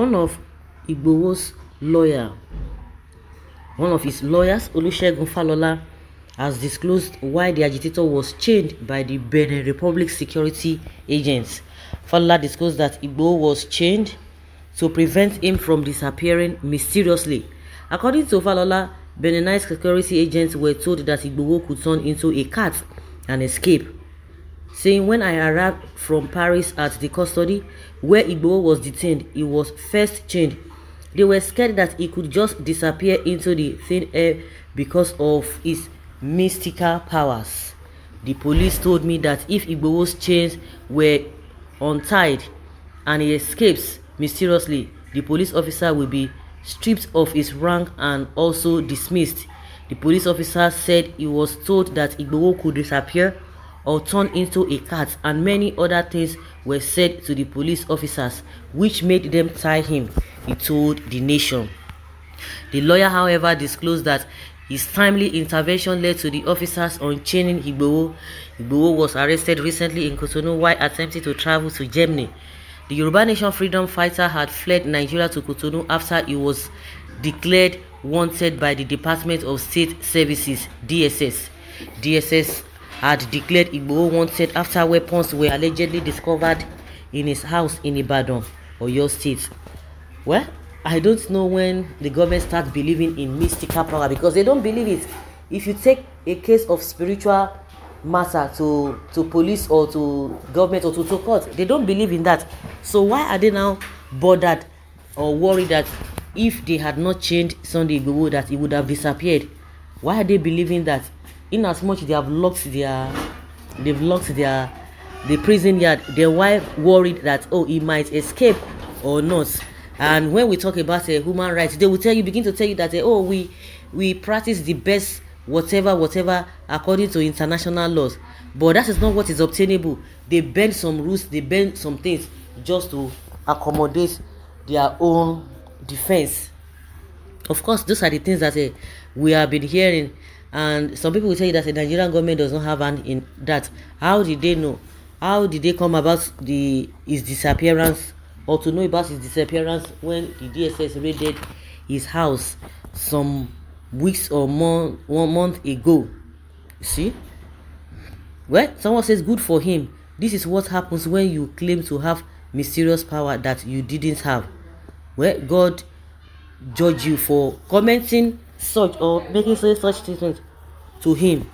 one of Igboho's lawyer, one of his lawyers, Olusegun Falola, has disclosed why the agitator was chained by the Benin Republic security agents. Falola disclosed that Igboho was chained to prevent him from disappearing mysteriously. According to Falola, Beninite security agents were told that Igboho could turn into a cat and escape. saying when I arrived from Paris at the custody where Igbo was detained, he was first chained. They were scared that he could just disappear into the thin air because of his mystical powers. The police told me that if Igbo's chains were untied and he escapes mysteriously, the police officer will be stripped of his rank and also dismissed. The police officer said he was told that Igbo could disappear or turned into a cat and many other things were said to the police officers which made them tie him, he told the nation. The lawyer, however, disclosed that his timely intervention led to the officers unchaining Igboho. Igboho was arrested recently in Kotonu while attempting to travel to Germany. The Yoruba Nation freedom fighter had fled Nigeria to Kotonu after he was declared wanted by the Department of State Services, DSS. DSS had declared once wanted after weapons were allegedly discovered in his house in Ibadan, Oyo State. Well, I don't know when the government starts believing in mystical power because they don't believe it. If you take a case of spiritual matter to to police or to government or to, to court, they don't believe in that. So why are they now bothered or worried that if they had not changed Sunday Igbo that he would have disappeared? Why are they believing that? in as much they have locked their they've locked their the prison yard Their wife worried that oh he might escape or not and when we talk about uh, human rights they will tell you begin to tell you that uh, oh we we practice the best whatever whatever according to international laws but that is not what is obtainable they bend some rules they bend some things just to accommodate their own defense of course those are the things that uh, we have been hearing and some people will tell you that the nigerian government does not have hand in that how did they know how did they come about the his disappearance or to know about his disappearance when the dss raided his house some weeks or more one month ago see well someone says good for him this is what happens when you claim to have mysterious power that you didn't have well god judge you for commenting such or making such, such statement to him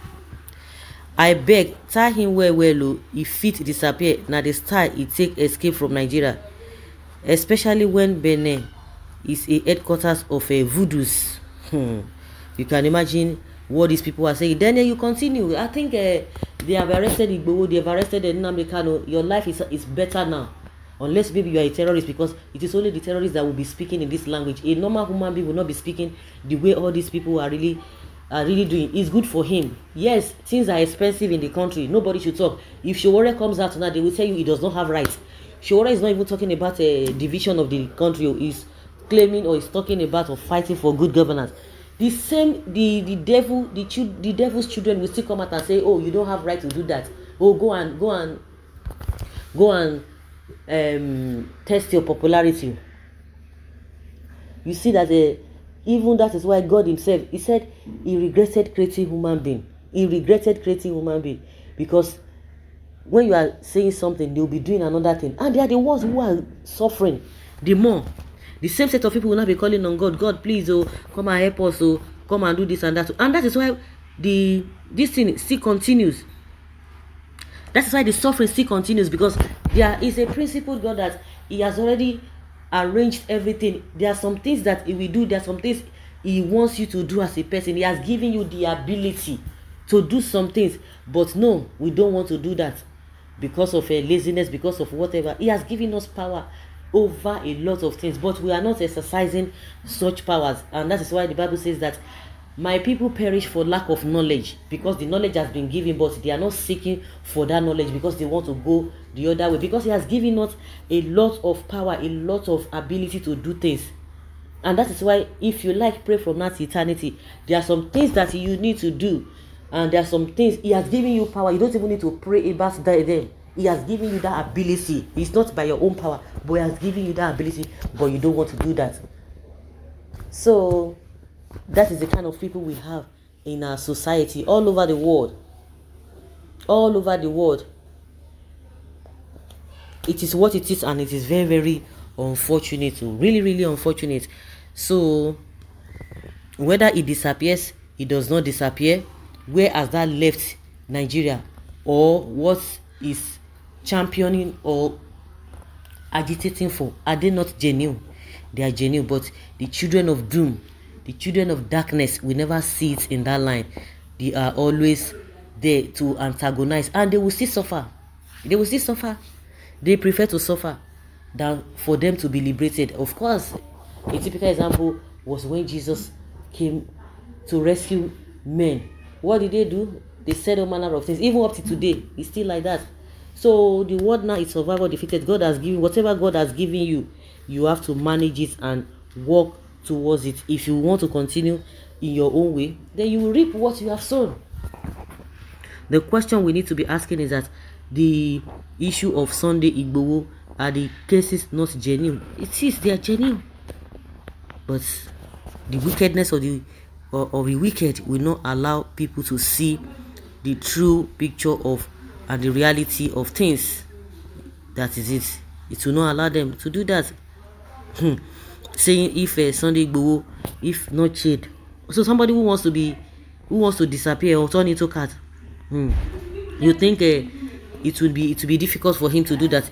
i beg tie him well well o oh. e fit disappear na the style e take escape from nigeria especially when benin is a headquarters of a eh, voodoos hmm. you can imagine what these people are saying daniel you continue i think uh, they have arrested igbowo they have arrested the kanu your life is, is better now unless maybe you are a terrorist because it is only the terrorists that will be speaking in this language a normal human being will not be speaking the way all these people are really are really doing it's good for him yes things are expensive in the country nobody should talk if showore comes out now they will tell you he does not have rights showore is not even talking about a division of the country or is claiming or is talking about or fighting for good governance the same the the devil the chi the devil's children will still come out and say oh you don't have right to do that oh go and go and go and um, test your popularity. You see that the uh, even that is why God Himself He said He regretted creating human being. He regretted creating human being because when you are saying something, they will be doing another thing, and they are the ones who are suffering the more. The same set of people will not be calling on God. God, please, oh, come and help us, oh, come and do this and that, and that is why the this thing still continues That is why the suffering still continues because there is a principle God that He has already arranged everything. There are some things that He will do, there are some things He wants you to do as a person. He has given you the ability to do some things, but no, we don't want to do that because of uh, laziness, because of whatever. He has given us power over a lot of things, but we are not exercising such powers, and that is why the Bible says that my people perish for lack of knowledge because the knowledge has been given but they are not seeking for that knowledge because they want to go the other way because he has given us a lot of power a lot of ability to do things and that is why if you like pray from that eternity there are some things that you need to do and there are some things he has given you power you don't even need to pray about that. Then he has given you that ability it's not by your own power but he has given you that ability but you don't want to do that so That is the kind of people we have in our society all over the world. All over the world. It is what it is, and it is very, very unfortunate. Oh. Really, really unfortunate. So, whether it disappears, it does not disappear. Where has that left Nigeria? Or what is championing or agitating for? Are they not genuine? They are genuine, but the children of doom The children of darkness will never see it in that line. They are always there to antagonize and they will still suffer. They will still suffer. They prefer to suffer than for them to be liberated. Of course, a typical example was when Jesus came to rescue men. What did they do? They said all manner of things. Even up to today, it's still like that. So the world now is survival defeated. God has given whatever God has given you, you have to manage it and work towards it if you want to continue in your own way then you will reap what you have sown the question we need to be asking is that the issue of Sunday Igboho are the cases not genuine it is they are genuine but the wickedness of the uh, of the wicked will not allow people to see the true picture of and the reality of things that is it it will not allow them to do that hmm saying if uh, Sunday Igboho, if not shade. So somebody who wants to be, who wants to disappear or turn into cat, hmm, you think uh, it would be it would be difficult for him to do that,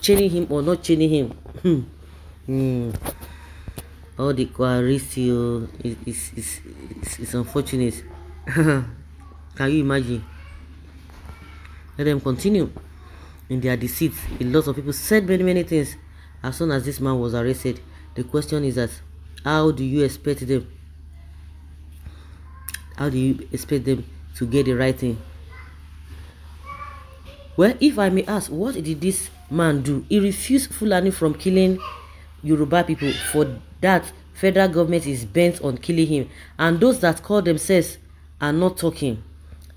chaining him or not chaining him. Hmm. hmm. All the quarrel is, is, is, is, is unfortunate. Can you imagine? Let them continue in their deceit. A lot of people said many, many things as soon as this man was arrested the question is that how do you expect them how do you expect them to get the right thing well if i may ask what did this man do he refused fulani from killing yoruba people for that federal government is bent on killing him and those that call themselves are not talking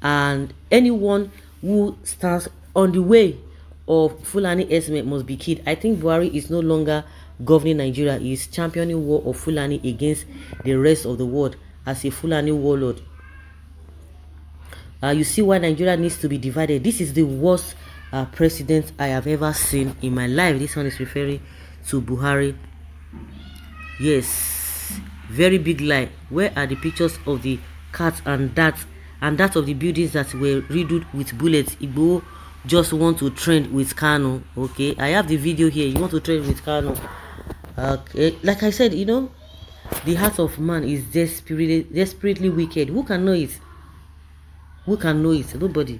and anyone who stands on the way of fulani herdsmen must be killed i think buhari is no longer governing Nigeria is championing war of Fulani against the rest of the world as a Fulani warlord. Uh, you see why Nigeria needs to be divided. This is the worst uh, president I have ever seen in my life. This one is referring to Buhari. Yes, very big lie. Where are the pictures of the cats and that and that of the buildings that were riddled with bullets? Igbo just want to trend with Kano. Okay, I have the video here. You want to trend with Kano? okay like i said you know the heart of man is desperately desperately wicked who can know it who can know it nobody